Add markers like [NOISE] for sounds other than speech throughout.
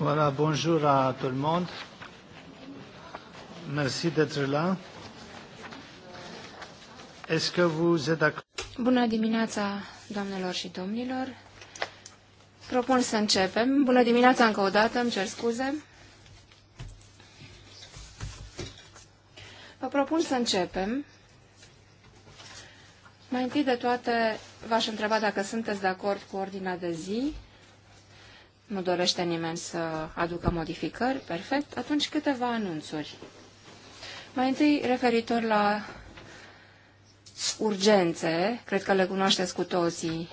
Voilà, bonjour à tout le monde. Merci d'être là. Est-ce que vous êtes d'accord? Bună dimineața, doamnelor și domnilor. Propun să începem. Bună dimineața încă o dată, îmi cer scuze. Vă propun să începem. Mai întâi de toate, v-aș întreba dacă sunteți de acord cu ordinea de zi. Nu dorește nimeni să aducă modificări? Perfect. Atunci câteva anunțuri. Mai întâi, referitor la urgențe, cred că le cunoașteți cu toții,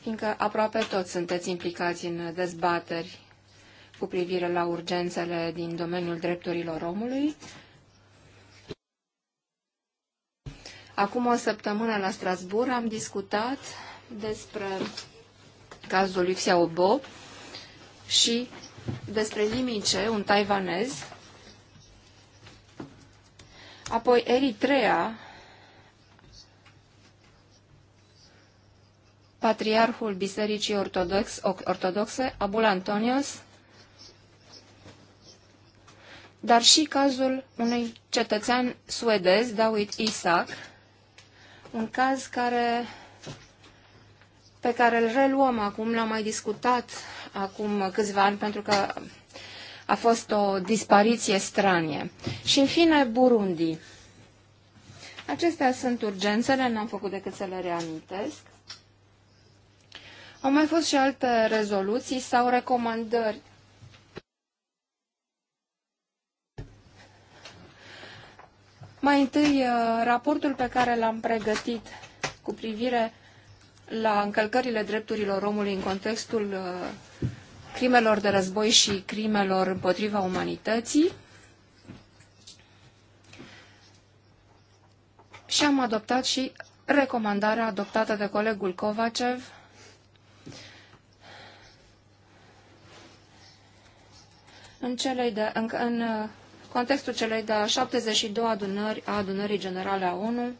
fiindcă aproape toți sunteți implicați în dezbateri cu privire la urgențele din domeniul drepturilor omului. Acum o săptămână la Strasbourg am discutat despre cazul lui Xiaobo, și despre Limice, un taiwanez, apoi Eritrea, patriarhul Bisericii Ortodox, Ortodoxe, Abul Antonios, dar și cazul unui cetățean suedez, David Isaac, un caz care pe care îl reluăm acum, l-am mai discutat acum câțiva ani pentru că a fost o dispariție stranie. Și în fine, Burundi. Acestea sunt urgențele, n-am făcut decât să le reamintesc. Au mai fost și alte rezoluții sau recomandări. Mai întâi, eh, raportul pe care l-am pregătit cu privire la încălcările drepturilor omului în contextul uh, crimelor de război și crimelor împotriva umanității. Și am adoptat și recomandarea adoptată de colegul Kovacev în, celei de, în, în uh, contextul celei de 72 adunări a adunării generale a ONU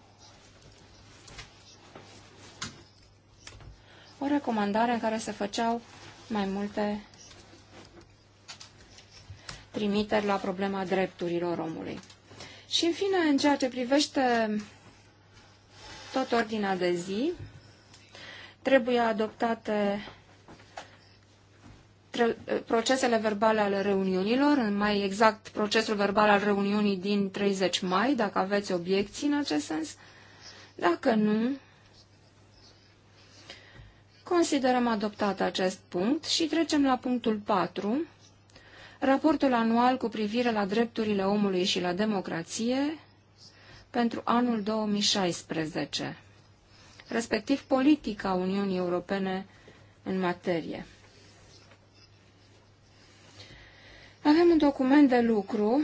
o recomandare în care se făceau mai multe trimiteri la problema drepturilor omului. Și, în fine, în ceea ce privește tot ordinea de zi, trebuie adoptate procesele verbale ale reuniunilor, mai exact procesul verbal al reuniunii din 30 mai, dacă aveți obiecții în acest sens. Dacă nu, Considerăm adoptat acest punct și trecem la punctul 4, raportul anual cu privire la drepturile omului și la democrație pentru anul 2016, respectiv politica Uniunii Europene în materie. Avem un document de lucru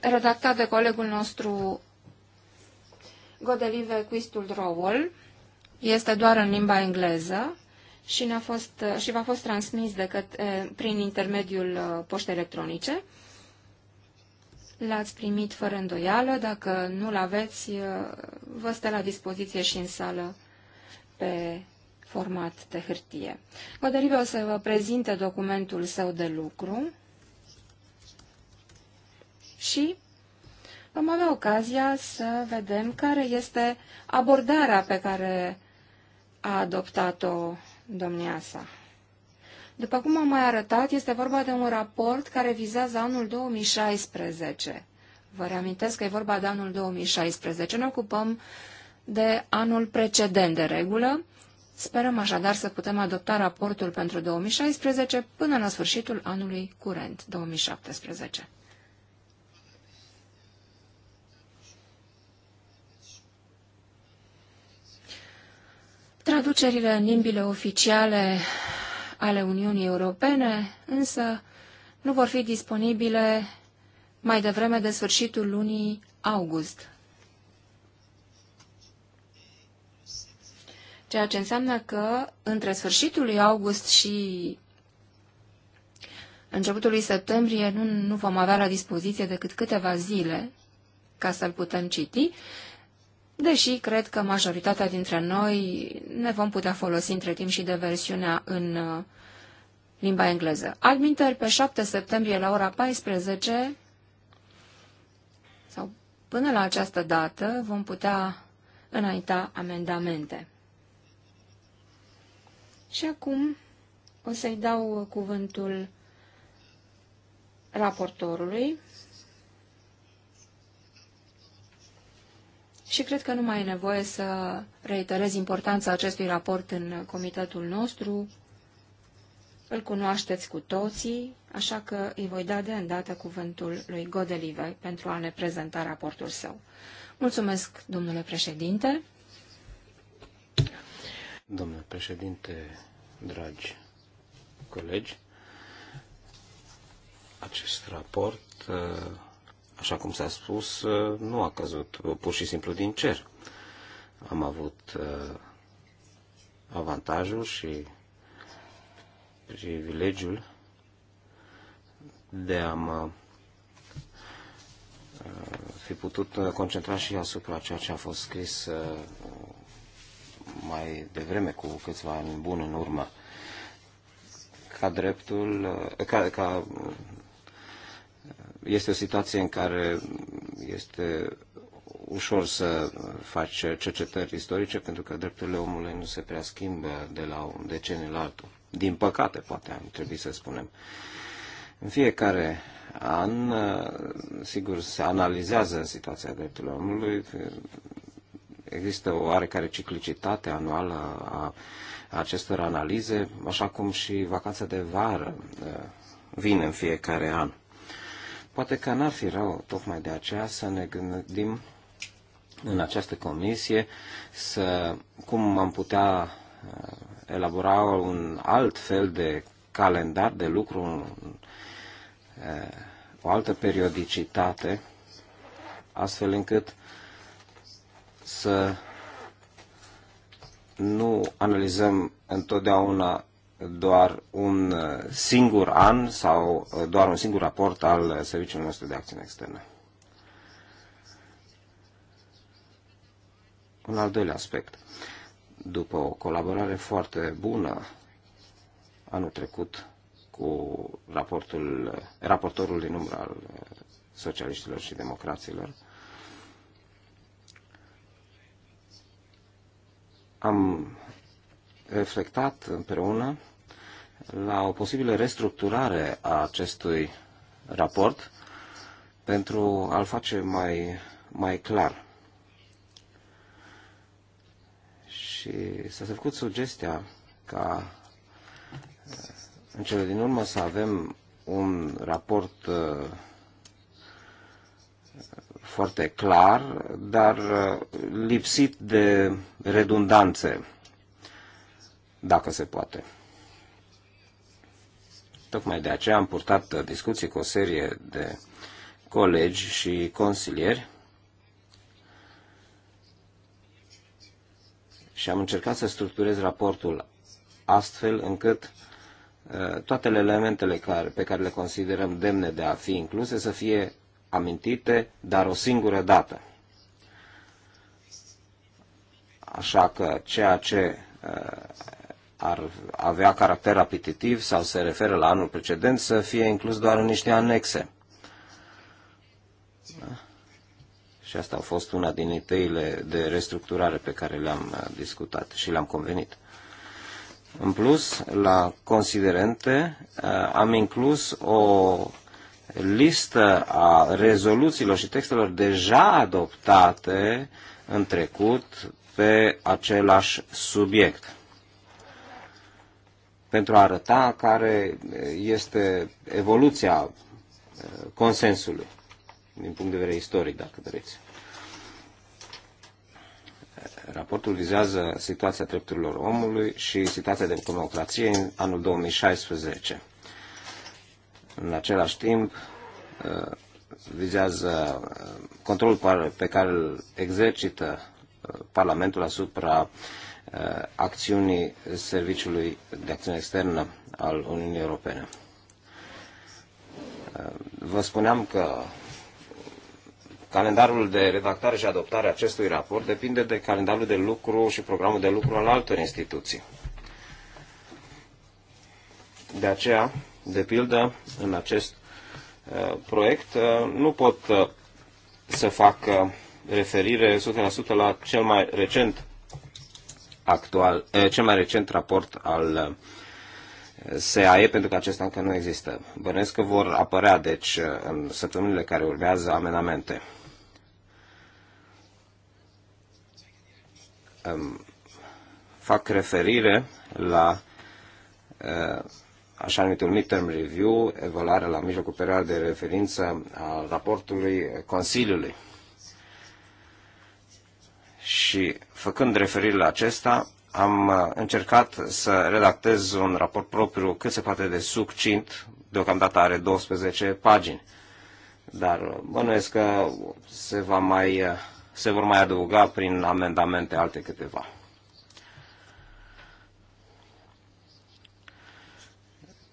redactat de colegul nostru Godelive Quistul Drowell este doar în limba engleză și, ne-a fost, și v-a fost transmis de către, prin intermediul poștei electronice. L-ați primit fără îndoială, dacă nu-l aveți, vă stă la dispoziție și în sală pe format de hârtie. Goderive o să vă prezinte documentul său de lucru și vom avea ocazia să vedem care este abordarea pe care a adoptat-o domnia sa. După cum am mai arătat, este vorba de un raport care vizează anul 2016. Vă reamintesc că e vorba de anul 2016. Ne ocupăm de anul precedent de regulă. Sperăm așadar să putem adopta raportul pentru 2016 până la sfârșitul anului curent, 2017. Traducerile în limbile oficiale ale Uniunii Europene, însă, nu vor fi disponibile mai devreme de sfârșitul lunii august. Ceea ce înseamnă că între sfârșitul lui august și începutul lui septembrie nu, nu vom avea la dispoziție decât câteva zile ca să-l putem citi deși cred că majoritatea dintre noi ne vom putea folosi între timp și de versiunea în uh, limba engleză. Alminter, pe 7 septembrie la ora 14 sau până la această dată vom putea înainta amendamente. Și acum o să-i dau cuvântul raportorului și cred că nu mai e nevoie să reiterez importanța acestui raport în comitetul nostru. Îl cunoașteți cu toții, așa că îi voi da de îndată cuvântul lui Godelive pentru a ne prezenta raportul său. Mulțumesc, domnule președinte. Domnule președinte, dragi colegi, acest raport uh, așa cum s-a spus, uh, nu a căzut uh, pur și simplu din cer. Am avut uh, avantajul și privilegiul de a mă fi putut concentra și asupra ceea ce a fost scris mai devreme, cu câțiva ani buni în urmă, ca dreptul, ca, ca este o situație în care este ușor să faci cercetări istorice pentru că drepturile omului nu se prea schimbă de la un deceniu la altul. Din păcate, poate am trebuit să spunem. În fiecare an, sigur, se analizează situația drepturilor omului. Există o oarecare ciclicitate anuală a acestor analize, așa cum și vacanța de vară eh, vine în fiecare an. Poate că n-ar fi rău tocmai de aceea să ne gândim în această comisie să, cum am putea uh, elabora un alt fel de calendar de lucru, uh, o altă periodicitate, astfel încât să nu analizăm întotdeauna doar un uh, singur an sau uh, doar un singur raport al uh, Serviciului nostru de Acțiune Externă. Un al doilea aspect. După o colaborare foarte bună anul trecut cu raportul, raportorul din umbră al socialiștilor și democraților, am reflectat împreună la o posibilă restructurare a acestui raport pentru a-l face mai, mai clar. Și s-a făcut sugestia ca în cele din urmă să avem un raport uh, foarte clar, dar uh, lipsit de redundanțe dacă se poate. Tocmai de aceea am purtat discuții cu o serie de colegi și consilieri și am încercat să structurez raportul astfel încât uh, toate elementele care, pe care le considerăm demne de a fi incluse să fie amintite, dar o singură dată. Așa că ceea ce uh, ar avea caracter apetitiv sau se referă la anul precedent să fie inclus doar în niște anexe. Da? Și asta a fost una din ideile de restructurare pe care le-am uh, discutat și le-am convenit. În plus, la considerente uh, am inclus o listă a rezoluțiilor și textelor deja adoptate în trecut pe același subiect pentru a arăta care este evoluția uh, consensului din punct de vedere istoric, dacă doriți. Raportul vizează situația drepturilor omului și situația de democrație în anul 2016. În același timp, uh, vizează uh, controlul pe care îl exercită Parlamentul asupra uh, Uh, acțiunii Serviciului de Acțiune Externă al Uniunii Europene. Uh, vă spuneam că calendarul de redactare și adoptare a acestui raport depinde de calendarul de lucru și programul de lucru al altor instituții. De aceea, de pildă, în acest uh, proiect nu pot să fac referire 100% la cel mai recent actual, cel mai recent raport al SAE, pentru că acesta încă nu există. Bănuiesc că vor apărea, deci, în săptămânile care urmează, amenamente. Fac referire la așa numitul midterm review, evaluarea la mijlocul perioadei de referință a raportului Consiliului și făcând referire la acesta, am uh, încercat să redactez un raport propriu cât se poate de succint, deocamdată are 12 pagini, dar uh, bănuiesc că se, va mai, uh, se vor mai adăuga prin amendamente alte câteva.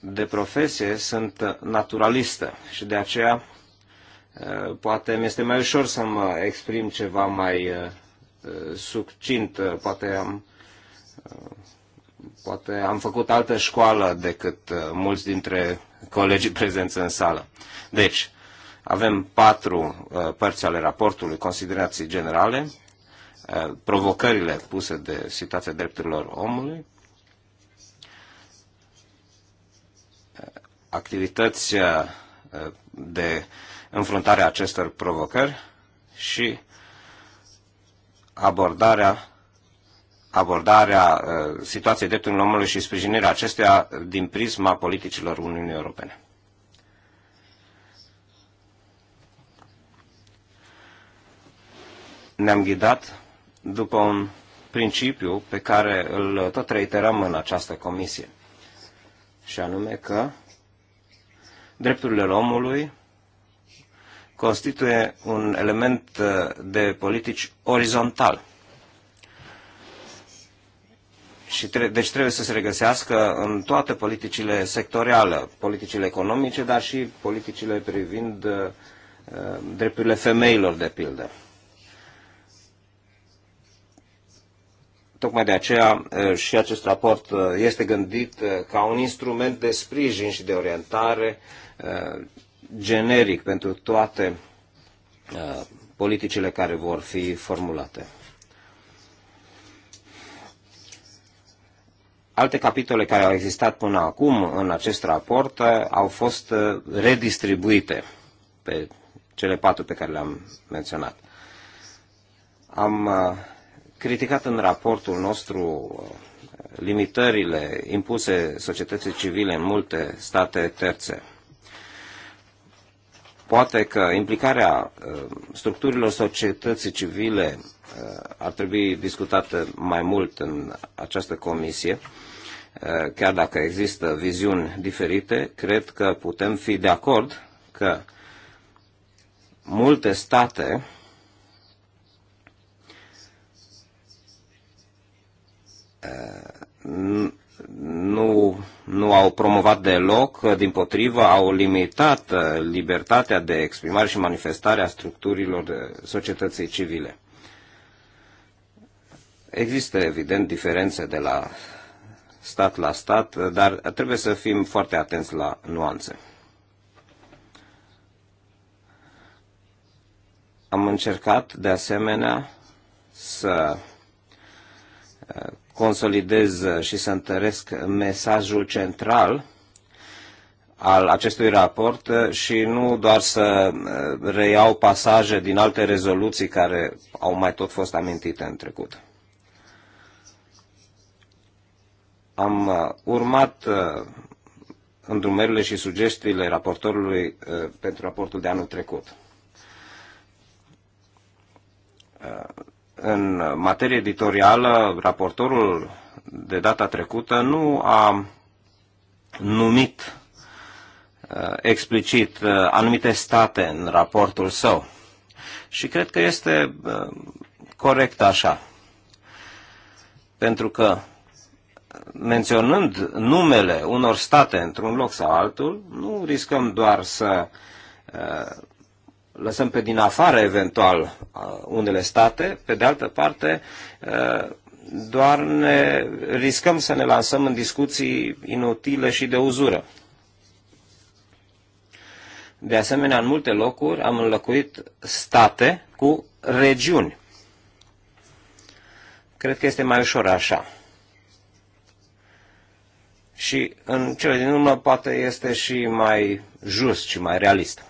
de profesie sunt naturalistă și de aceea poate mi este mai ușor să mă exprim ceva mai succint. Poate am, poate am făcut altă școală decât uh, mulți dintre colegii prezenți în sală. Deci, avem patru uh, părți ale raportului, considerații generale, uh, provocările puse de situația drepturilor omului, activități de înfruntare a acestor provocări și abordarea abordarea uh, situației drepturilor omului și sprijinirea acesteia din prisma politicilor Uniunii Europene. Ne-am ghidat după un principiu pe care îl tot reiterăm în această comisie, și anume că drepturile omului constituie un element uh, de politici orizontal. Și tre- deci trebuie să se regăsească în toate politicile sectoriale, politicile economice, dar și politicile privind uh, uh drepturile femeilor, de pildă. Tocmai de aceea uh, și acest raport este gândit ca un instrument de sprijin și de orientare uh, Uh, generic pentru toate uh, politicile care vor fi formulate. Alte capitole care au existat până acum în acest raport uh, au fost redistribuite pe cele patru pe care le-am menționat. Am criticat în raportul nostru limitările impuse societății civile în multe state terțe. Poate că implicarea uh, structurilor societății civile uh, ar trebui discutată mai mult în această comisie, uh, chiar dacă există viziuni diferite, cred că putem fi de acord că multe state nu, nu au promovat deloc, din potrivă au limitat uh, libertatea de exprimare și manifestare a structurilor societății civile. Există, evident, diferențe de la stat la stat, dar trebuie să fim foarte atenți la nuanțe. Am încercat, de asemenea, să uh, consolidez și să întăresc mesajul central al acestui raport și nu doar să uh, reiau pasaje din alte rezoluții care au mai tot fost amintite în trecut. Am uh, urmat uh, îndrumările și sugestiile raportorului pentru raportul de anul trecut în materie editorială, raportorul de data trecută nu a numit uh, explicit uh, anumite state în raportul său. Și cred că este uh, corect așa. Pentru că menționând numele unor state într-un loc sau altul, nu riscăm doar să lăsăm pe din afară eventual unele state, pe de altă parte doar ne riscăm să ne lansăm în discuții inutile și de uzură. De asemenea, în multe locuri am înlăcuit state cu regiuni. Cred că este mai ușor așa. Și în cele din urmă poate este și mai just și mai realist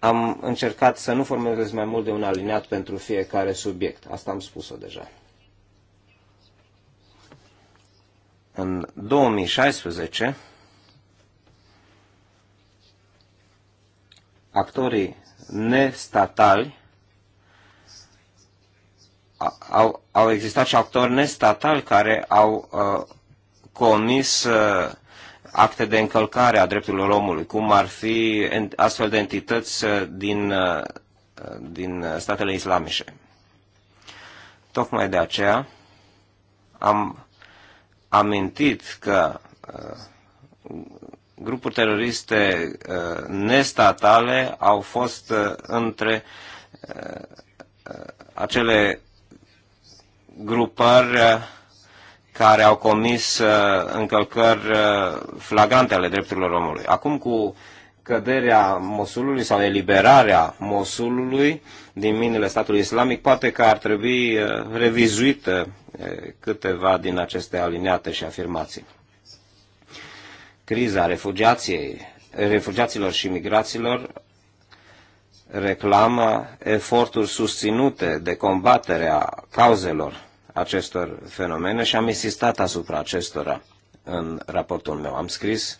am încercat să nu formulez mai mult de un aliniat pentru fiecare subiect. Asta am spus-o deja. În 2016, actorii nestatali au, au existat și actori nestatali care au uh, comis uh, acte de încălcare a drepturilor omului, cum ar fi astfel de entități uh, din, uh, uh, din statele islamice. Tocmai de aceea am amintit că grupuri teroriste nestatale au fost între acele grupări care au comis uh, încălcări uh, flagrante ale drepturilor omului. Acum cu căderea Mosulului sau eliberarea Mosulului din minele statului islamic, poate că ar trebui uh, revizuită câteva din aceste aliniate și afirmații. Criza refugiației, refugiaților și migraților reclamă eforturi susținute de combaterea cauzelor acestor fenomene și am insistat asupra acestora în raportul meu. Am scris,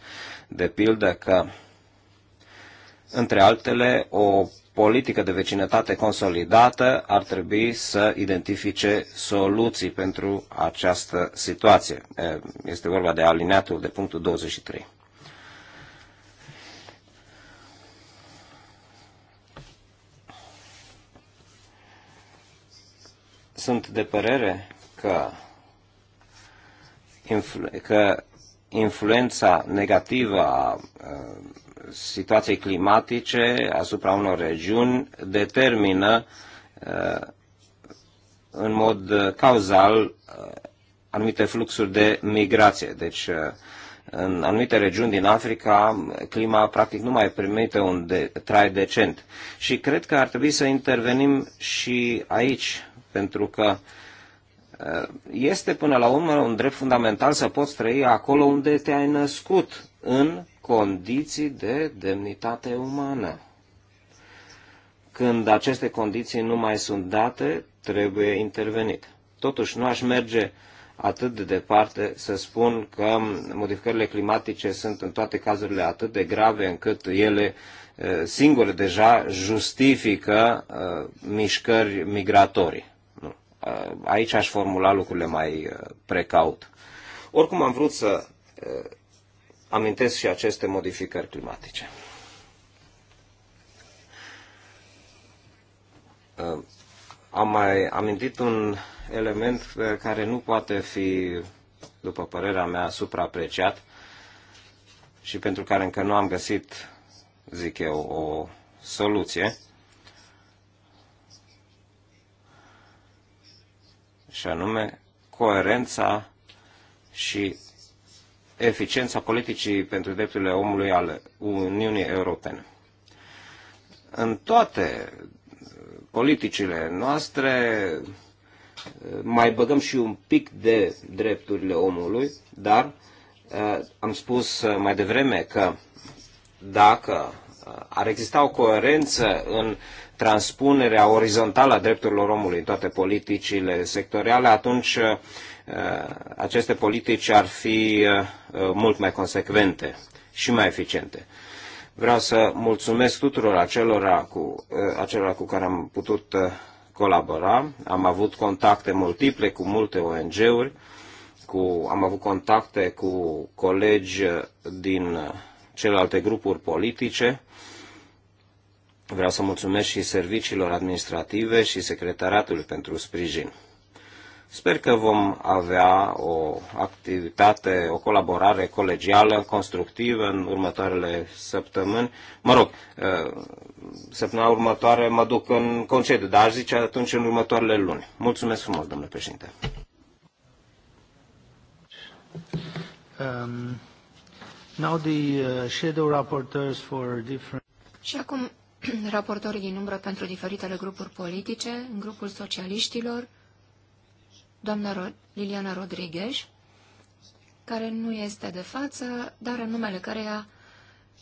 de pildă, că, între altele, o politică de vecinătate consolidată ar trebui să identifice soluții pentru această situație. Este vorba de alineatul de punctul 23. sunt de părere că, influ- că influența negativă a situației climatice asupra unor regiuni determină în mod cauzal anumite fluxuri de migrație. Deci, în anumite regiuni din Africa, clima practic nu mai permite un de, trai decent. Și cred că ar trebui să intervenim și aici, pentru că uh, este până la urmă un drept fundamental să poți trăi acolo unde te-ai născut, în condiții de demnitate umană. Când aceste condiții nu mai sunt date, trebuie intervenit. Totuși, nu aș merge atât de departe să spun că modificările climatice sunt în toate cazurile atât de grave încât ele uh, singure deja justifică uh, mișcări migratorii. Uh, aici aș formula lucrurile mai uh, precaut. Oricum am vrut să uh, amintesc și aceste modificări climatice. Am mai amintit un element care nu poate fi, după părerea mea, supraapreciat și pentru care încă nu am găsit, zic eu, o soluție și anume coerența și eficiența politicii pentru drepturile omului ale Uniunii Europene. În toate politicile noastre mai băgăm și un pic de drepturile omului, dar eh, am spus eh, mai devreme că dacă ar exista o coerență în transpunerea orizontală a drepturilor omului în toate politicile sectoriale, atunci uh, aceste politici ar fi uh, mult mai consecvente și mai eficiente. Vreau să mulțumesc tuturor acelora cu, uh, acelora cu care am putut colabora. Am avut contacte multiple cu multe ONG-uri, cu, am avut contacte cu colegi din celelalte grupuri politice. Vreau să mulțumesc și serviciilor administrative și secretariatului pentru sprijin. Sper că vom avea o activitate, o colaborare colegială, constructivă în următoarele săptămâni. Mă rog, eh, săptămâna următoare mă duc în concediu, dar aș zice atunci în următoarele luni. Mulțumesc frumos, domnule președinte. Um, Now the uh, shadow rapporteurs for different... Și acum [CLEARS THROAT] raportorii din umbră pentru diferitele grupuri politice, în grupul socialiștilor, doamna Ro Liliana Rodriguez, care nu este de față, dar în numele căreia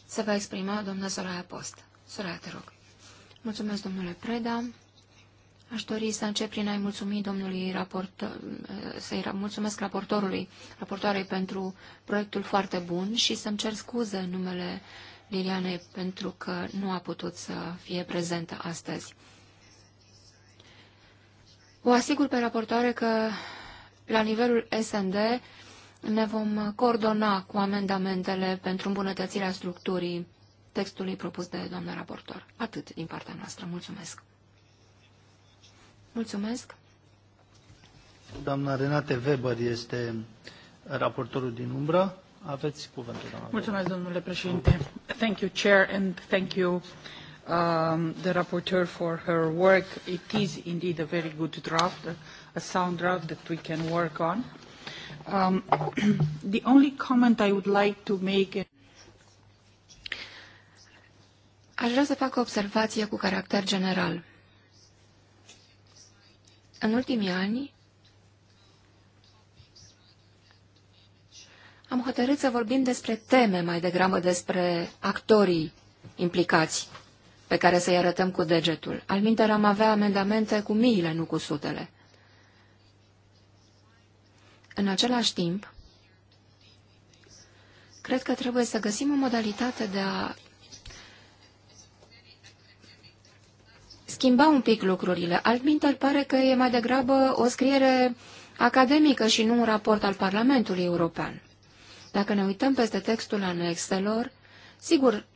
se va exprima doamna Soraya Post. Soraya, te rog. Mulțumesc, domnule Preda. Aș dori să încep prin a-i mulțumi domnului raport, să-i mulțumesc raportorului, raportoarei pentru proiectul foarte bun și să-mi cer scuze în numele Lilianei pentru că nu a putut să fie prezentă astăzi. O asigur pe raportoare că la nivelul SND ne vom coordona cu amendamentele pentru îmbunătățirea structurii textului propus de doamna raportor. Atât din partea noastră. Mulțumesc! Mulțumesc. Doamna Renate Weber este raportorul din umbră. Aveți cuvântul, doamna Mulțumesc, domnule președinte. Thank you, Chair, and thank you um, the rapporteur for her work. It is indeed a very good draft, a, a sound draft that we can work on. Um, [CLEARS THROAT] the only comment I would like to make Aș vrea să fac o observație cu caracter general. În ultimii ani am hotărât să vorbim despre teme mai degrabă despre actorii implicați pe care să-i arătăm cu degetul. Alminter am avea amendamente cu miile, nu cu sutele. În același timp, cred că trebuie să găsim o modalitate de a schimba un pic lucrurile. Altminteri pare că e mai degrabă o scriere academică și nu un raport al Parlamentului European. Dacă ne uităm peste textul anexelor, sigur,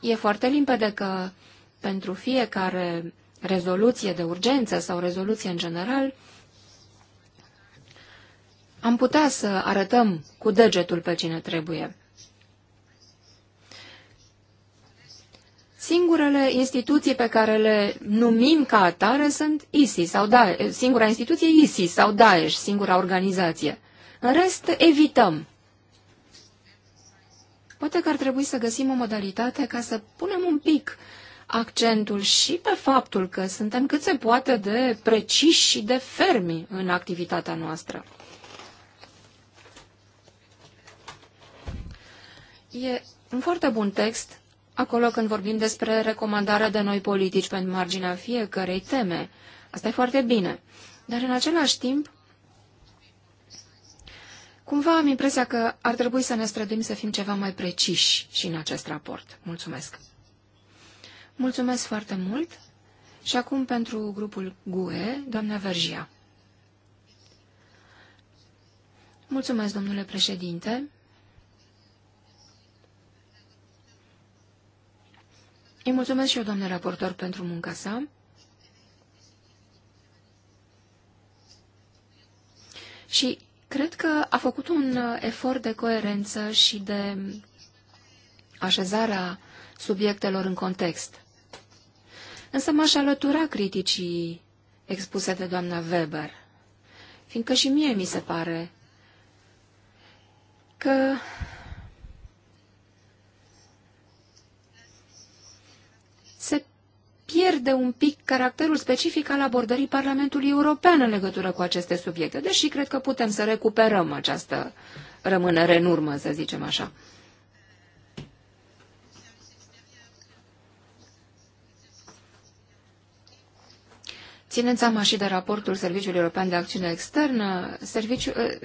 e foarte limpede că pentru fiecare rezoluție de urgență sau rezoluție în general, am putea să arătăm cu degetul pe cine trebuie. Singurele instituții pe care le numim ca atare sunt ISIS sau Daesh, singura instituție ISIS sau Daesh, singura organizație. În rest, evităm. Poate că ar trebui să găsim o modalitate ca să punem un pic accentul și pe faptul că suntem cât se poate de preciși și de fermi în activitatea noastră. E un foarte bun text acolo când vorbim despre recomandarea de noi politici pentru marginea fiecărei teme. Asta e foarte bine. Dar în același timp, cumva am impresia că ar trebui să ne străduim să fim ceva mai preciși și în acest raport. Mulțumesc! Mulțumesc foarte mult și acum pentru grupul GUE, doamna Vergia. Mulțumesc, domnule președinte. Îi mulțumesc și eu, doamne raportor, pentru munca sa. Și cred că a făcut un efort de coerență și de așezarea subiectelor în context. Însă m-aș alătura criticii expuse de doamna Weber, fiindcă și mie mi se pare că pierde un pic caracterul specific al abordării Parlamentului European în legătură cu aceste subiecte, deși cred că putem să recuperăm această rămânere în urmă, să zicem așa. Țineți seama și de raportul Serviciului European de Acțiune Externă, serviciu, eh,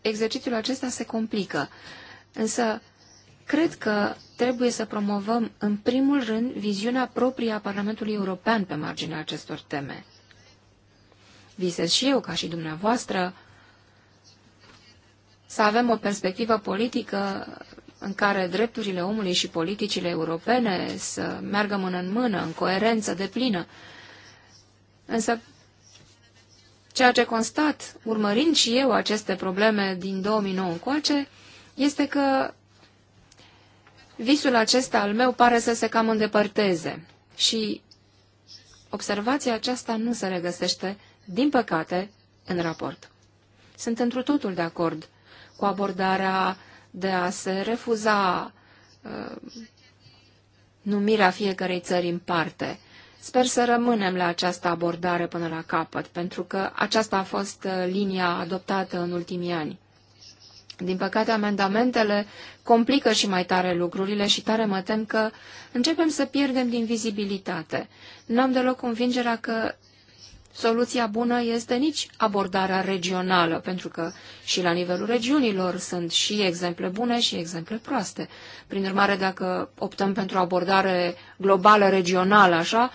exercițiul acesta se complică. Însă, Cred că trebuie să promovăm, în primul rând, viziunea proprie a Parlamentului European pe marginea acestor teme. Visez și eu, ca și dumneavoastră, să avem o perspectivă politică în care drepturile omului și politicile europene să meargă mână în mână, în coerență de plină. Însă, ceea ce constat, urmărind și eu aceste probleme din 2009 încoace, este că visul acesta al meu pare să se cam îndepărteze și observația aceasta nu se regăsește, din păcate, în raport. Sunt întru totul de acord cu abordarea de a se refuza uh, numirea fiecarei țări în parte. Sper să rămânem la această abordare până la capăt, pentru că aceasta a fost uh, linia adoptată în ultimii ani. Din păcate, amendamentele complică și mai tare lucrurile și tare mă tem că începem să pierdem din vizibilitate. N-am deloc convingerea că soluția bună este nici abordarea regională, pentru că și la nivelul regiunilor sunt și exemple bune și exemple proaste. Prin urmare, dacă optăm pentru o abordare globală, regională, așa,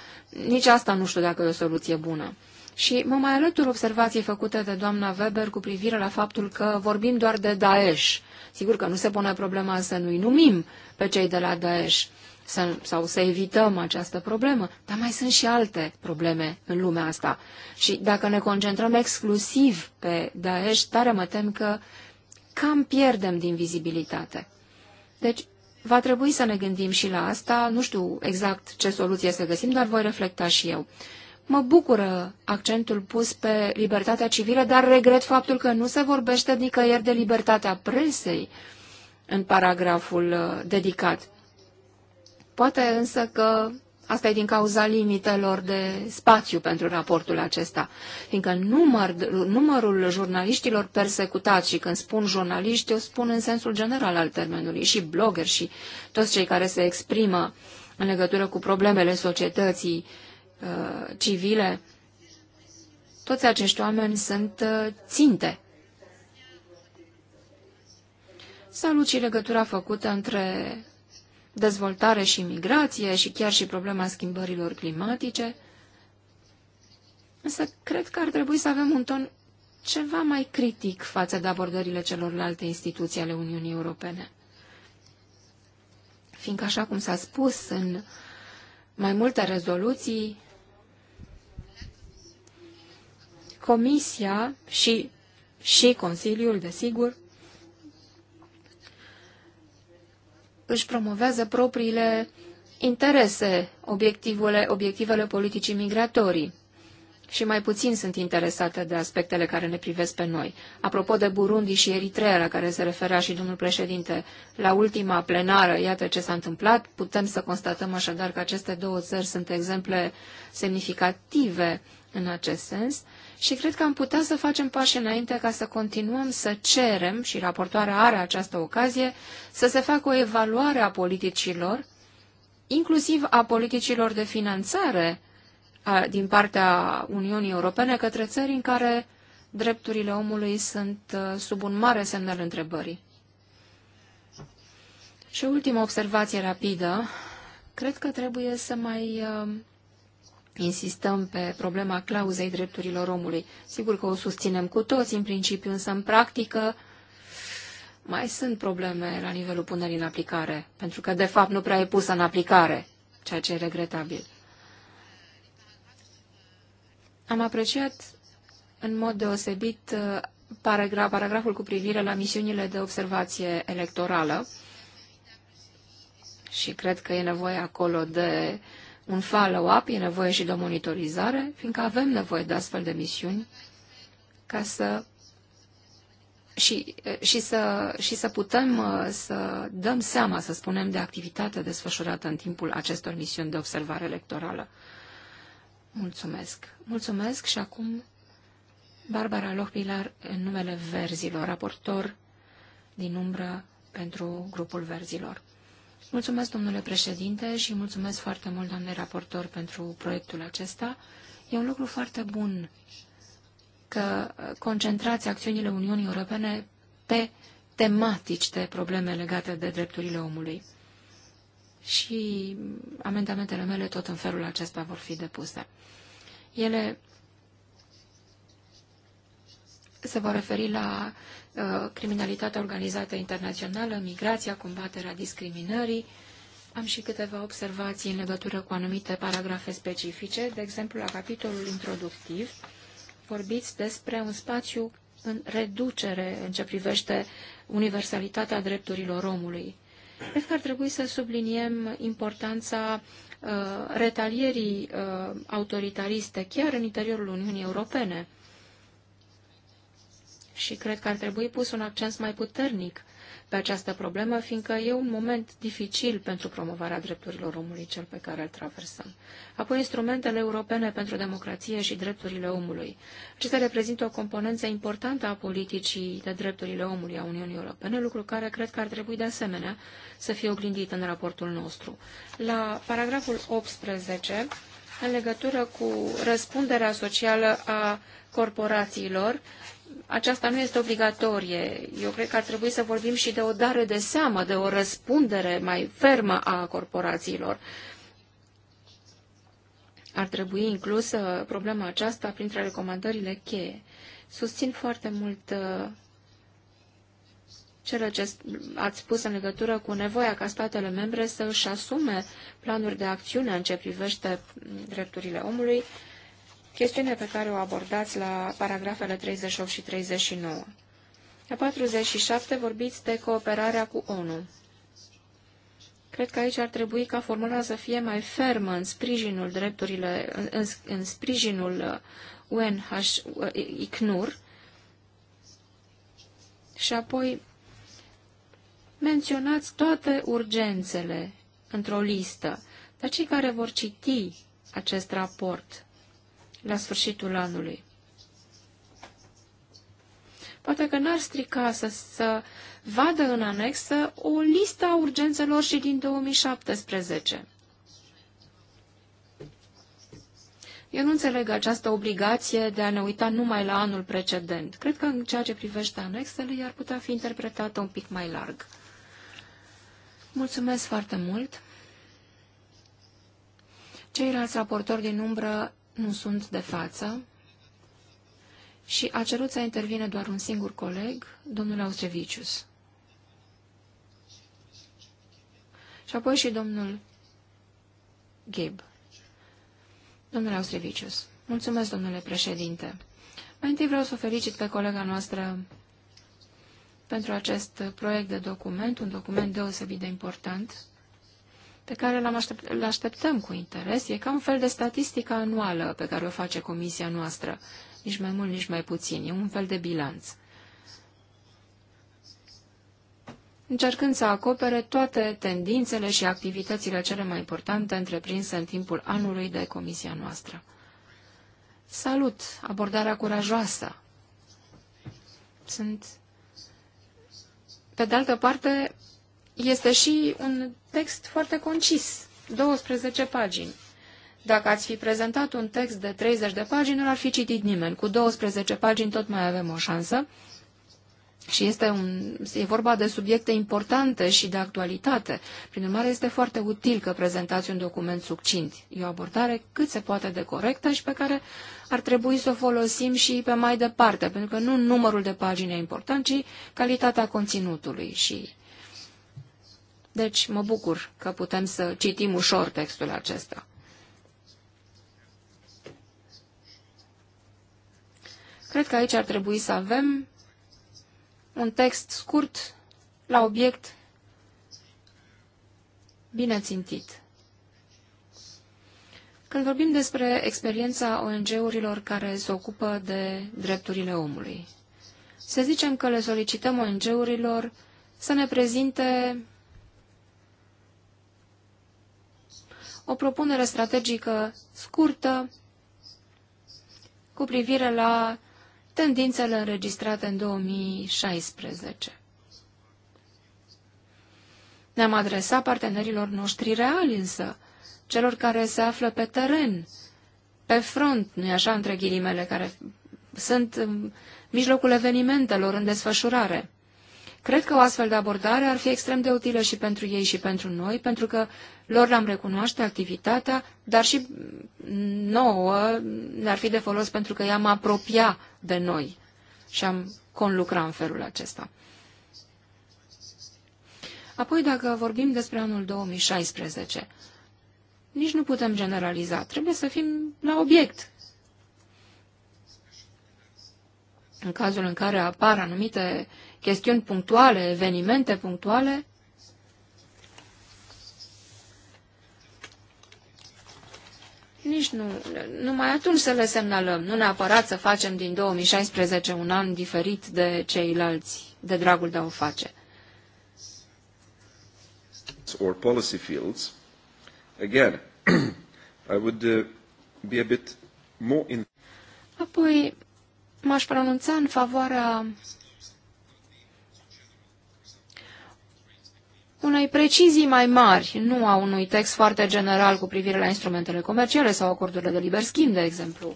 nici asta nu știu dacă e o soluție bună. Și mă mai alătur observație făcută de doamna Weber cu privire la faptul că vorbim doar de Daesh. Sigur că nu se pune problema să nu-i numim pe cei de la Daesh să, sau să evităm această problemă, dar mai sunt și alte probleme în lumea asta. Și dacă ne concentrăm exclusiv pe Daesh, tare mă tem că cam pierdem din vizibilitate. Deci, va trebui să ne gândim și la asta, nu știu exact ce soluție să găsim, dar voi reflecta și eu. Mă bucură accentul pus pe libertatea civilă, dar regret faptul că nu se vorbește nicăieri de libertatea presei în paragraful uh, dedicat. Poate însă că asta e din cauza limitelor de spațiu pentru raportul acesta, fiindcă număr, numărul jurnaliștilor persecutați, și când spun jurnaliști, eu spun în sensul general al termenului, și blogger și toți cei care se exprimă în legătură cu problemele societății, uh, Uh, civile. Toți acești oameni sunt uh, ținte. Salut și legătura făcută între dezvoltare și migrație și chiar și problema schimbărilor climatice. Însă cred că ar trebui să avem un ton ceva mai critic față de abordările celorlalte instituții ale Uniunii Europene. Fiindcă, așa cum s-a spus în mai multe rezoluții, Comisia și, și Consiliul, desigur, își promovează propriile interese, obiectivele, obiectivele politicii migratorii și mai puțin sunt interesate de aspectele care ne privesc pe noi. Apropo de Burundi și Eritrea, la care se referea și domnul președinte, la ultima plenară, iată ce s-a întâmplat, putem să constatăm așadar că aceste două țări sunt exemple semnificative în acest sens și cred că am putea să facem pași înainte ca să continuăm să cerem, și raportoarea are această ocazie, să se facă o evaluare a politicilor, inclusiv a politicilor de finanțare a, din partea Uniunii Europene către țări în care drepturile omului sunt uh, sub un mare semn al întrebării. Și ultima observație rapidă. Cred că trebuie să mai uh, Insistăm pe problema clauzei drepturilor omului. Sigur că o susținem cu toți în principiu, însă în practică mai sunt probleme la nivelul punerii în aplicare, pentru că de fapt nu prea e pusă în aplicare, ceea ce e regretabil. Am apreciat în mod deosebit uh, paragraf, paragraful cu privire la misiunile de observație electorală și cred că e nevoie acolo de uh, un follow-up, e nevoie și de o monitorizare, fiindcă avem nevoie de astfel de misiuni ca să și, și, să, și să putem uh, să dăm seama, să spunem, de activitatea desfășurată în timpul acestor misiuni de observare electorală. Mulțumesc. Mulțumesc și acum Barbara Lohpilar în numele verzilor, raportor din umbră pentru grupul verzilor. Mulțumesc, domnule președinte, și mulțumesc foarte mult, doamne raportor, pentru proiectul acesta. E un lucru foarte bun că concentrați acțiunile Uniunii Europene pe tematici de probleme legate de drepturile omului. Și amendamentele mele tot în felul acesta vor fi depuse. Ele se vor referi la uh, criminalitatea organizată internațională, migrația, combaterea discriminării. Am și câteva observații în legătură cu anumite paragrafe specifice, de exemplu la capitolul introductiv vorbiți despre un spațiu în reducere în ce privește universalitatea drepturilor omului. Cred că ar trebui să subliniem importanța uh, retalierii uh, autoritariste chiar în interiorul Uniunii Europene și cred că ar trebui pus un accent mai puternic pe această problemă, fiindcă e un moment dificil pentru promovarea drepturilor omului, cel pe care îl traversăm. Apoi, instrumentele europene pentru democrație și drepturile omului. Acestea reprezintă o componență importantă a politicii de drepturile omului a Uniunii Europene, lucru care cred că ar trebui de asemenea să fie oglindit în raportul nostru. La paragraful 18, în legătură cu răspunderea socială a corporațiilor, aceasta nu este obligatorie. Eu cred că ar trebui să vorbim și de o dare de seamă, de o răspundere mai fermă a corporațiilor. Ar trebui inclusă problema aceasta printre recomandările cheie. Susțin foarte mult uh, cele ce ați spus în legătură cu nevoia ca statele membre să își asume planuri de acțiune în ce privește mm, drepturile omului, chestiune pe care o abordați la paragrafele 38 și 39. La 47 vorbiți de cooperarea cu ONU. Cred că aici ar trebui ca formula să fie mai fermă în sprijinul drepturile, în, în, sprijinul UNH, uh, ICNUR, și apoi menționați toate urgențele într-o listă, dar cei care vor citi acest raport la sfârșitul anului. Poate că n-ar strica să, să vadă în anexă o listă a urgențelor și din 2017. Eu nu înțeleg această obligație de a ne uita numai la anul precedent. Cred că în ceea ce privește anexele, i-ar putea fi interpretată un pic mai larg. Mulțumesc foarte mult! Ceilalți raportori din umbră nu sunt de față și a cerut să intervine doar un singur coleg, domnul Austrevicius. Și apoi și domnul Gib. Domnule Austrevicius, mulțumesc, domnule președinte. Mai întâi vreau să o felicit pe colega noastră pentru acest proiect de document, un document deosebit de important, pe care l aștept, așteptăm cu interes, e ca un fel de statistică anuală pe care o face comisia noastră, nici mai mult, nici mai puțin, e un fel de bilanț. încercând să acopere toate tendințele și activitățile cele mai importante întreprinse în timpul anului de comisia noastră. Salut abordarea curajoasă. Sunt, pe de altă parte, este și un text foarte concis, 12 pagini. Dacă ați fi prezentat un text de 30 de pagini, nu l-ar fi citit nimeni. Cu 12 pagini tot mai avem o șansă. Și este, un, e vorba de subiecte importante și de actualitate. Prin urmare, este foarte util că prezentați un document succint. E o abordare cât se poate de corectă și pe care ar trebui să o folosim și pe mai departe, pentru că nu numărul de pagini e important, ci calitatea conținutului. Și deci mă bucur că putem să citim ușor textul acesta. Cred că aici ar trebui să avem un text scurt, la obiect, bine țintit. Când vorbim despre experiența ONG-urilor care se ocupă de drepturile omului, să zicem că le solicităm ONG-urilor să ne prezinte o propunere strategică scurtă cu privire la tendințele înregistrate în 2016. Ne-am adresat partenerilor noștri reali, însă, celor care se află pe teren, pe front, nu așa între ghilimele, care sunt în mijlocul evenimentelor în desfășurare. Cred că o astfel de abordare ar fi extrem de utilă și pentru ei și pentru noi, pentru că lor le-am recunoaște activitatea, dar și nouă ne-ar fi de folos pentru că i-am apropia de noi și am conlucra în felul acesta. Apoi, dacă vorbim despre anul 2016, nici nu putem generaliza, trebuie să fim la obiect. În cazul în care apar anumite chestiuni punctuale, evenimente punctuale, nici nu, numai atunci să le semnalăm, nu neapărat să facem din 2016 un an diferit de ceilalți, de dragul de a o face. Or policy fields, again, [CLEARS THROAT] I would uh, be a bit more in... Apoi m-aș pronunța în favoarea unei precizii mai mari, nu a unui text foarte general cu privire la instrumentele comerciale sau acordurile de liber schimb, de exemplu.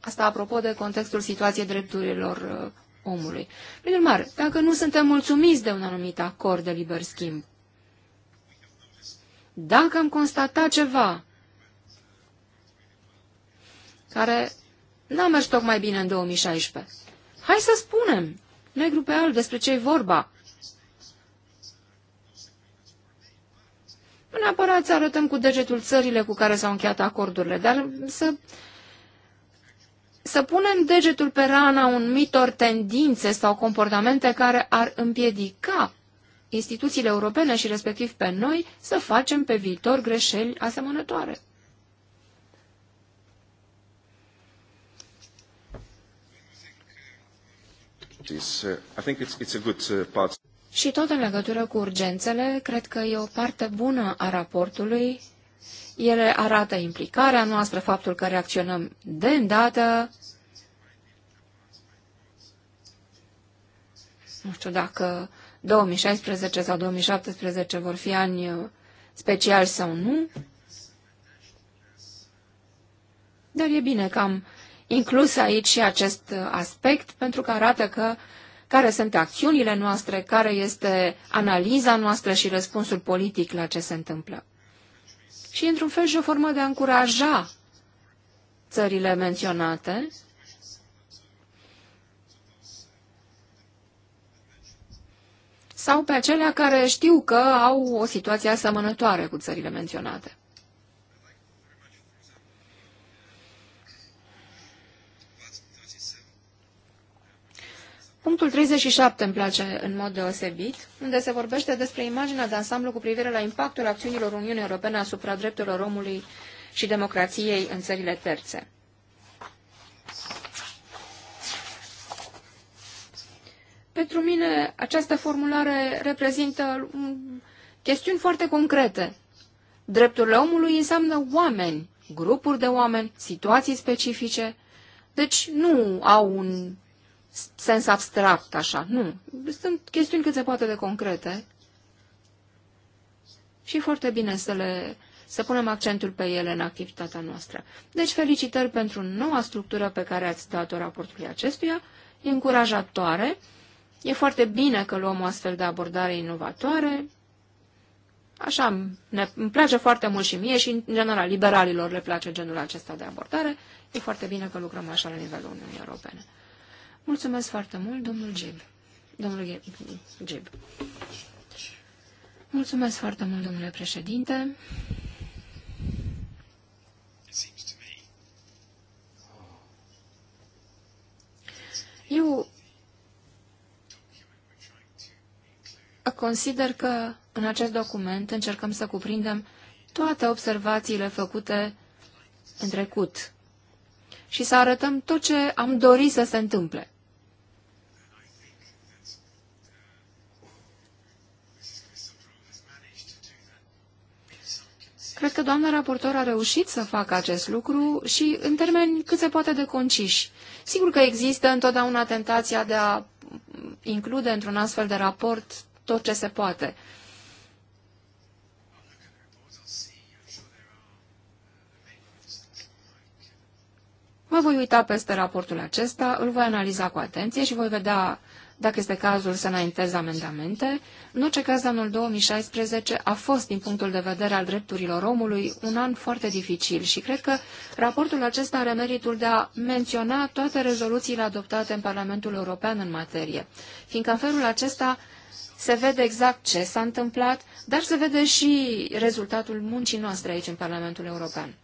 Asta apropo de contextul situației drepturilor uh, omului. Prin urmare, dacă nu suntem mulțumiți de un anumit acord de liber schimb, dacă am constatat ceva care n-a mers tocmai bine în 2016, hai să spunem negru pe alb despre ce-i vorba Nu neapărat să arătăm cu degetul țările cu care s-au încheiat acordurile, dar să, să punem degetul pe rana unmitor tendințe sau comportamente care ar împiedica instituțiile europene și respectiv pe noi să facem pe viitor greșeli asemănătoare. Uh, I think it's, it's a good uh, part. Și tot în legătură cu urgențele, cred că e o parte bună a raportului. Ele arată implicarea noastră, faptul că reacționăm de îndată. Nu știu dacă 2016 sau 2017 vor fi ani speciali sau nu, dar e bine că am inclus aici și acest aspect, pentru că arată că care sunt acțiunile noastre, care este analiza noastră și răspunsul politic la ce se întâmplă. Și, într-un fel, și o formă de a încuraja țările menționate sau pe acelea care știu că au o situație asemănătoare cu țările menționate. Punctul 37 îmi place în mod deosebit, unde se vorbește despre imaginea de ansamblu cu privire la impactul acțiunilor Uniunii Europene asupra drepturilor omului și democrației în țările terțe. Pentru mine, această formulare reprezintă chestiuni foarte concrete. Drepturile omului înseamnă oameni, grupuri de oameni, situații specifice, deci nu au un sens abstract, așa. Nu. Sunt chestiuni cât se poate de concrete. Și foarte bine să le să punem accentul pe ele în activitatea noastră. Deci, felicitări pentru noua structură pe care ați dat-o raportului acestuia, e încurajatoare, e foarte bine că luăm o astfel de abordare inovatoare, așa, ne, îmi place foarte mult și mie și, în general, liberalilor le place genul acesta de abordare, e foarte bine că lucrăm așa la nivelul Uniunii Europene. Mulțumesc foarte mult, domnul Geb. Domnul Geb. Mulțumesc foarte mult, domnule președinte. Eu consider că în acest document încercăm să cuprindem toate observațiile făcute în trecut și să arătăm tot ce am dorit să se întâmple. Cred că doamna raportor a reușit să facă acest lucru și în termeni cât se poate de conciși. Sigur că există întotdeauna tentația de a include într-un astfel de raport tot ce se poate. Mă voi uita peste raportul acesta, îl voi analiza cu atenție și voi vedea dacă este cazul să înaintez amendamente. În orice caz, anul 2016 a fost, din punctul de vedere al drepturilor omului, un an foarte dificil și cred că raportul acesta are meritul de a menționa toate rezoluțiile adoptate în Parlamentul European în materie, fiindcă în felul acesta se vede exact ce s-a întâmplat, dar se vede și rezultatul muncii noastre aici în Parlamentul European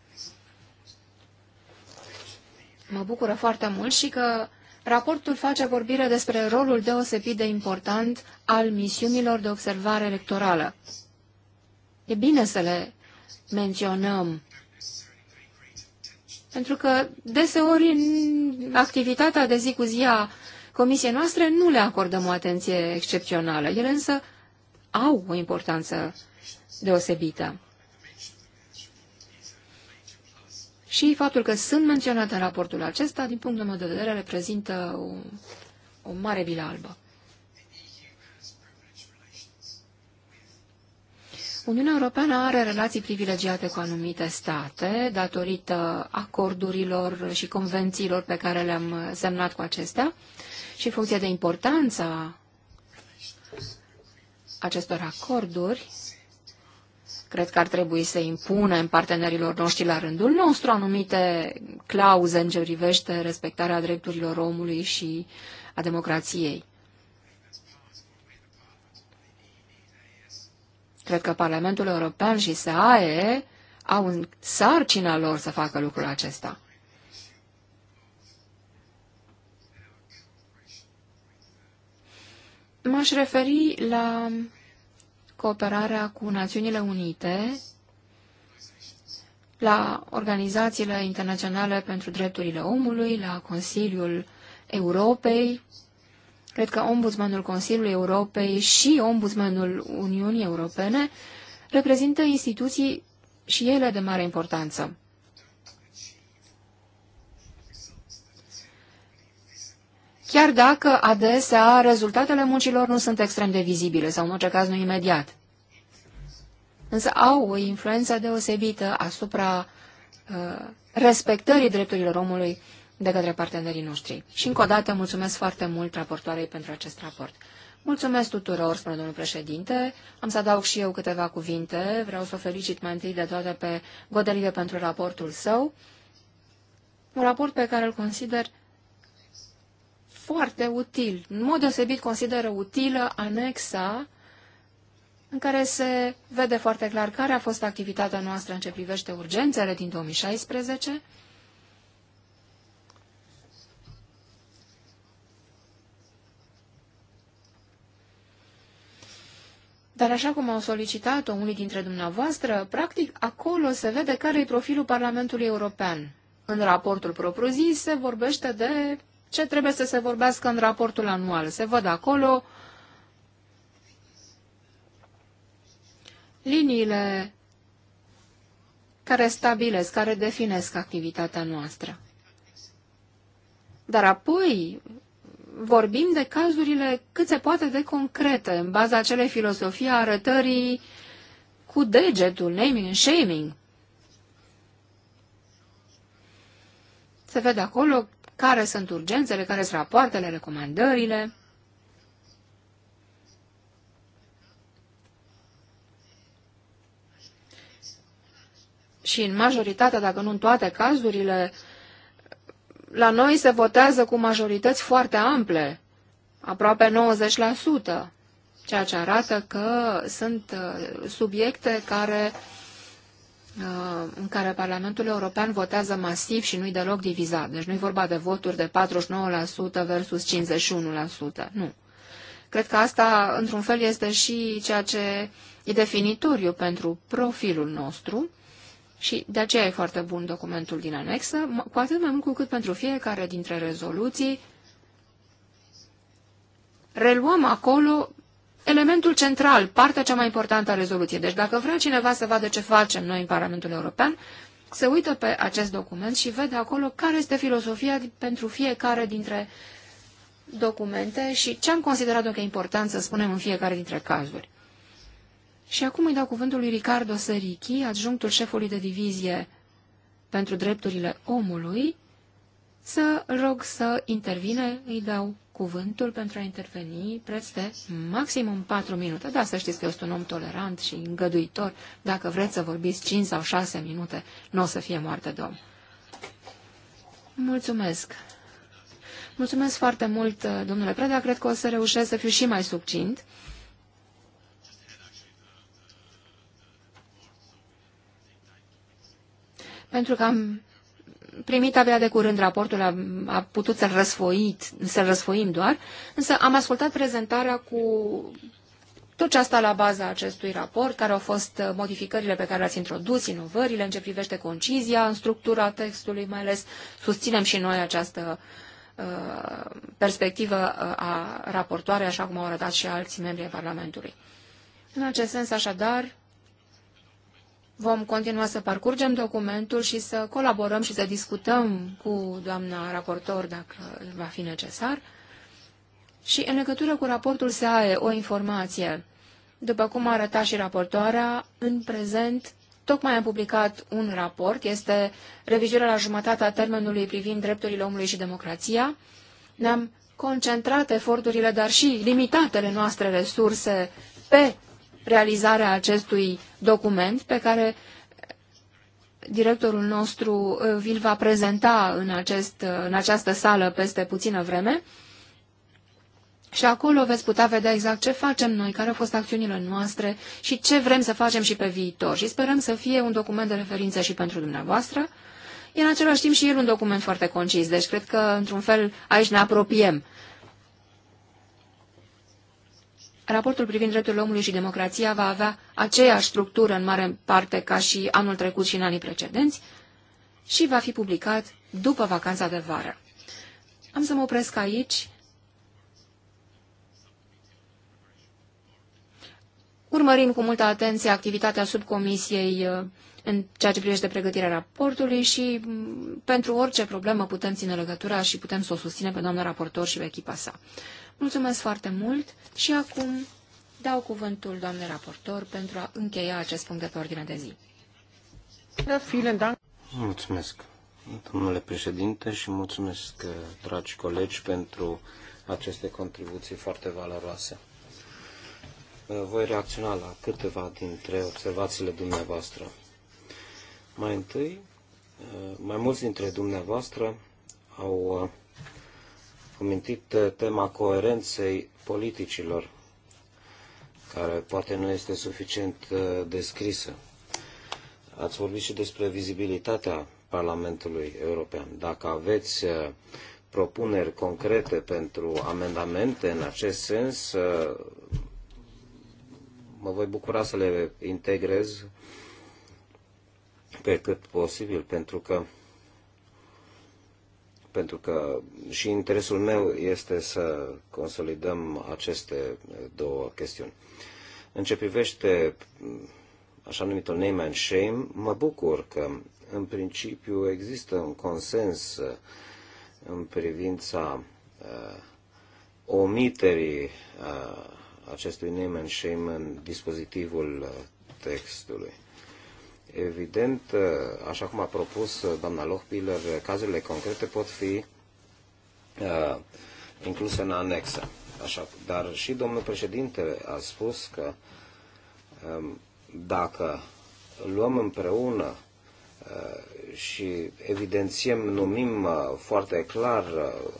mă bucură foarte mult și că raportul face vorbire despre rolul deosebit de important al misiunilor de observare electorală. E bine să le menționăm, pentru că deseori în activitatea de zi cu zi a comisiei noastre nu le acordăm o atenție excepțională. Ele însă au o importanță deosebită. și faptul că sunt menționate în raportul acesta, din punctul meu de vedere, reprezintă o, o mare bilă albă. Uniunea Europeană are relații privilegiate cu anumite state, datorită acordurilor și convențiilor pe care le-am semnat cu acestea și în funcție de importanța acestor acorduri, Cred că ar trebui să impunem partenerilor noștri la rândul nostru anumite clauze în ce privește respectarea drepturilor omului și a democrației. Cred că Parlamentul European și SAE au în sarcina lor să facă lucrul acesta. M-aș referi la cooperarea cu Națiunile Unite la organizațiile internaționale pentru drepturile omului, la Consiliul Europei. Cred că ombudsmanul Consiliului Europei și ombudsmanul Uniunii Europene reprezintă instituții și ele de mare importanță. chiar dacă adesea rezultatele muncilor nu sunt extrem de vizibile sau în orice caz nu imediat. Însă au o influență deosebită asupra uh, respectării drepturilor omului de către partenerii noștri. Și încă o dată mulțumesc foarte mult raportoarei pentru acest raport. Mulțumesc tuturor, spune domnul președinte. Am să adaug și eu câteva cuvinte. Vreau să o felicit mai întâi de toate pe Godelive pentru raportul său. Un raport pe care îl consider foarte util. În mod deosebit consideră utilă anexa în care se vede foarte clar care a fost activitatea noastră în ce privește urgențele din 2016, Dar așa cum au solicitat-o unii dintre dumneavoastră, practic acolo se vede care e profilul Parlamentului European. În raportul propriu-zis se vorbește de ce trebuie să se vorbească în raportul anual. Se văd acolo liniile care stabilesc, care definesc activitatea noastră. Dar apoi vorbim de cazurile cât se poate de concrete, în baza acelei filosofii a arătării cu degetul, naming and shaming. Se vede acolo care sunt urgențele, care sunt rapoartele, recomandările. Și în majoritatea, dacă nu în toate cazurile, la noi se votează cu majorități foarte ample, aproape 90%, ceea ce arată că sunt uh, subiecte care Uh, în care Parlamentul European votează masiv și nu-i deloc divizat. Deci nu-i vorba de voturi de 49% versus 51%. Nu. Cred că asta, într-un fel, este și ceea ce e definitoriu pentru profilul nostru și de aceea e foarte bun documentul din anexă, cu atât mai mult cu cât pentru fiecare dintre rezoluții reluăm acolo elementul central, partea cea mai importantă a rezoluției. Deci dacă vrea cineva să vadă ce facem noi în Parlamentul European, se uită pe acest document și vede acolo care este filosofia pentru fiecare dintre documente și ce am considerat o că e important să spunem în fiecare dintre cazuri. Și acum îi dau cuvântul lui Ricardo Sărichi, adjunctul șefului de divizie pentru drepturile omului, să rog să intervine, îi dau cuvântul pentru a interveni preț de maximum 4 minute. Da, să știți că eu sunt un om tolerant și îngăduitor. Dacă vreți să vorbiți 5 sau 6 minute, nu o să fie moarte de om. Mulțumesc. Mulțumesc foarte mult, domnule Preda. Cred că o să reușesc să fiu și mai succint. Pentru că am primit abia de curând raportul, a, a putut să-l răsfoit, să răsfoim doar, însă am ascultat prezentarea cu tot ce asta la baza acestui raport, care au fost uh, modificările pe care le-ați introdus, inovările în ce privește concizia, în structura textului, mai ales susținem și noi această uh, perspectivă uh, a raportoarei, așa cum au arătat și alții membrii Parlamentului. În acest sens, așadar, Vom continua să parcurgem documentul și să colaborăm și să discutăm cu doamna raportor dacă va fi necesar. Și în legătură cu raportul SAE, o informație. După cum arătat și raportoarea, în prezent tocmai am publicat un raport, este revizuirea la jumătatea termenului privind drepturile omului și democrația. Ne-am concentrat eforturile, dar și limitatele noastre resurse pe realizarea acestui document pe care directorul nostru uh, vi-l va prezenta în, acest, uh, în această sală peste puțină vreme. Și acolo veți putea vedea exact ce facem noi, care au fost acțiunile noastre și ce vrem să facem și pe viitor. Și sperăm să fie un document de referință și pentru dumneavoastră. E în același timp și el un document foarte concis, deci cred că, într-un fel, aici ne apropiem raportul privind drepturile omului și democrația va avea aceeași structură în mare parte ca și anul trecut și în anii precedenți și va fi publicat după vacanța de vară. Am să mă opresc aici. Urmărim cu multă atenție activitatea subcomisiei uh, în ceea ce privește pregătirea raportului și mm, pentru orice problemă putem ține legătura și putem să o susține pe doamna raportor și pe echipa sa. Mulțumesc foarte mult și acum dau cuvântul doamnei raportor pentru a încheia acest punct de pe ordine de zi. Mulțumesc, domnule președinte, și mulțumesc, dragi colegi, pentru aceste contribuții foarte valoroase. Voi reacționa la câteva dintre observațiile dumneavoastră. Mai întâi, mai mulți dintre dumneavoastră au amintit uh, tema coerenței politicilor, care poate nu este suficient uh, descrisă. Ați vorbit și despre vizibilitatea Parlamentului European. Dacă aveți uh, propuneri concrete pentru amendamente în acest sens, mă voi bucura să le integrez pe cât posibil, pentru că pentru că și interesul meu este să consolidăm aceste două chestiuni. În ce privește așa numitul name and shame, mă bucur că în principiu există un consens uh, în privința uh, omiterii uh, acestui name and shame în dispozitivul uh, textului. Evident, uh, așa cum a propus uh, doamna Lohpiller, uh, cazurile concrete pot fi uh, incluse în anexă. Așa, dar și domnul președinte a spus că um, dacă luăm împreună uh, și evidențiem, numim uh, foarte clar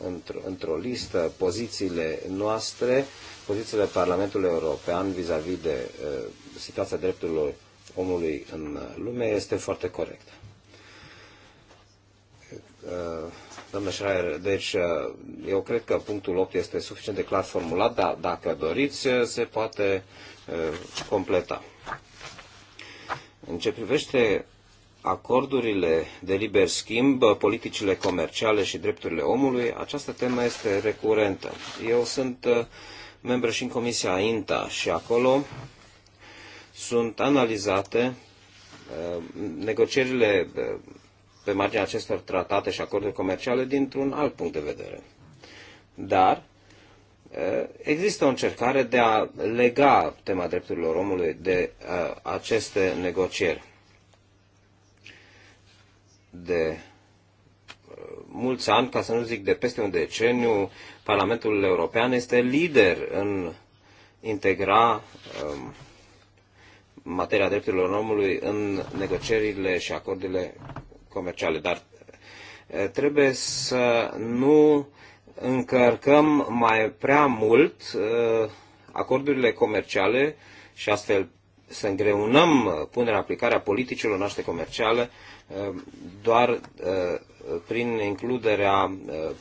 într-o, într listă pozițiile noastre, pozițiile Parlamentului European vis-a-vis -vis de situația drepturilor omului în lume este foarte corectă. Uh, Doamne Schreier, deci uh, eu cred că punctul 8 este suficient de clar formulat, dar dacă doriți, uh, se poate completa. În ce privește acordurile de liber schimb, politicile comerciale și drepturile omului, această temă este recurentă. Eu sunt membru și în Comisia INTA și acolo sunt analizate uh, negocierile uh, pe marginea acestor tratate și acorduri comerciale dintr-un alt punct de vedere. Dar uh, există o încercare de a lega tema drepturilor omului de aceste negocieri. De mulți ani, ca să nu zic de peste un deceniu, Parlamentul European este lider în integra um, materia drepturilor omului în negocierile și acordurile comerciale. Dar trebuie să nu încărcăm mai prea mult acordurile comerciale și astfel să îngreunăm punerea în aplicare a politicilor noastre comerciale doar prin includerea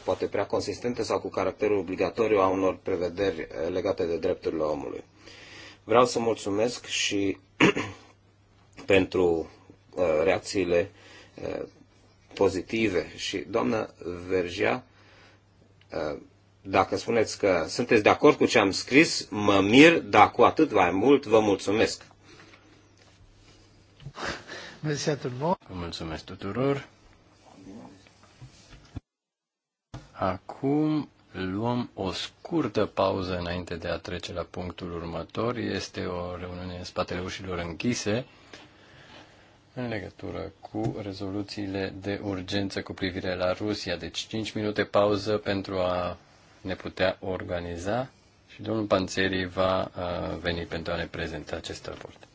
poate prea consistentă sau cu caracterul obligatoriu a unor prevederi legate de drepturile omului. Vreau să mulțumesc și [CLEARS THROAT] pentru uh, reacțiile uh, pozitive. Și, doamnă Vergea, uh, dacă spuneți că sunteți de acord cu ce am scris, mă mir, dar cu atât mai mult vă mulțumesc. Vă mulțumesc tuturor. Acum luăm o scurtă pauză înainte de a trece la punctul următor. Este o reuniune în spatele ușilor închise în legătură cu rezoluțiile de urgență cu privire la Rusia. Deci 5 minute pauză pentru a ne putea organiza și domnul Panțerii va uh, veni pentru a ne prezenta acest raport.